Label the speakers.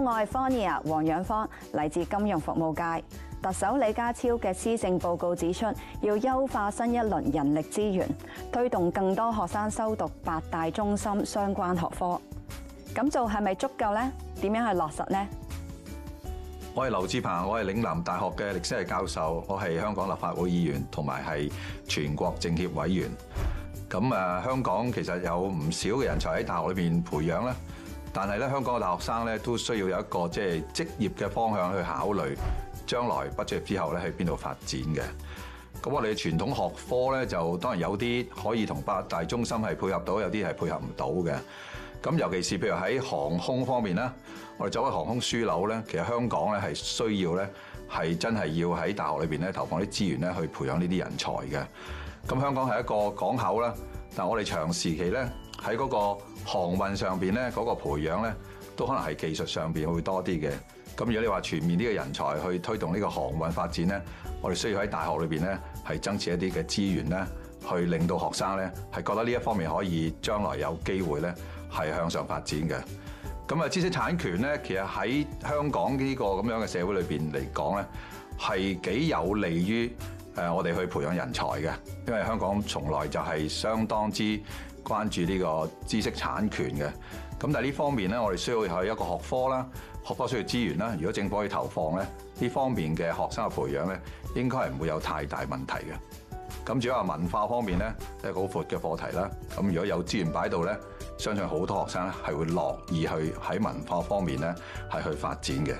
Speaker 1: 我係方妮亞、黃仰芳嚟自金融服務界。特首李家超嘅施政報告指出，要優化新一輪人力資源，推動更多學生修讀八大中心相關學科。咁做係咪足夠呢？點樣去落實呢？
Speaker 2: 我係劉智鵬，我係嶺南大學嘅歷史系教授，我係香港立法會議員，同埋係全國政協委員。咁啊，香港其實有唔少嘅人才喺大學裏邊培養啦。但係咧，香港嘅大學生咧都需要有一個即係職業嘅方向去考慮將來畢咗業之後咧喺邊度發展嘅。咁我哋傳統學科咧就當然有啲可以同八大中心係配合到，有啲係配合唔到嘅。咁尤其是譬如喺航空方面啦，我哋作為航空樞紐咧，其實香港咧係需要咧係真係要喺大學裏邊咧投放啲資源咧去培養呢啲人才嘅。咁香港係一個港口啦，但係我哋長時期咧。喺嗰個航運上邊咧，嗰個培養咧，都可能係技術上邊會多啲嘅。咁如果你話全面呢個人才去推動呢個航運發展咧，我哋需要喺大學裏邊咧，係增設一啲嘅資源咧，去令到學生咧係覺得呢一方面可以將來有機會咧係向上發展嘅。咁啊，知識產權咧，其實喺香港呢個咁樣嘅社會裏邊嚟講咧，係幾有利於。誒，我哋去培養人才嘅，因為香港從來就係相當之關注呢個知識產權嘅。咁但係呢方面咧，我哋需要係一個學科啦，學科需要資源啦。如果政府去投放咧，呢方面嘅學生嘅培養咧，應該係唔會有太大問題嘅。咁主要話文化方面咧，係一個好闊嘅課題啦。咁如果有資源擺度咧，相信好多學生咧係會樂意去喺文化方面咧係去發展嘅。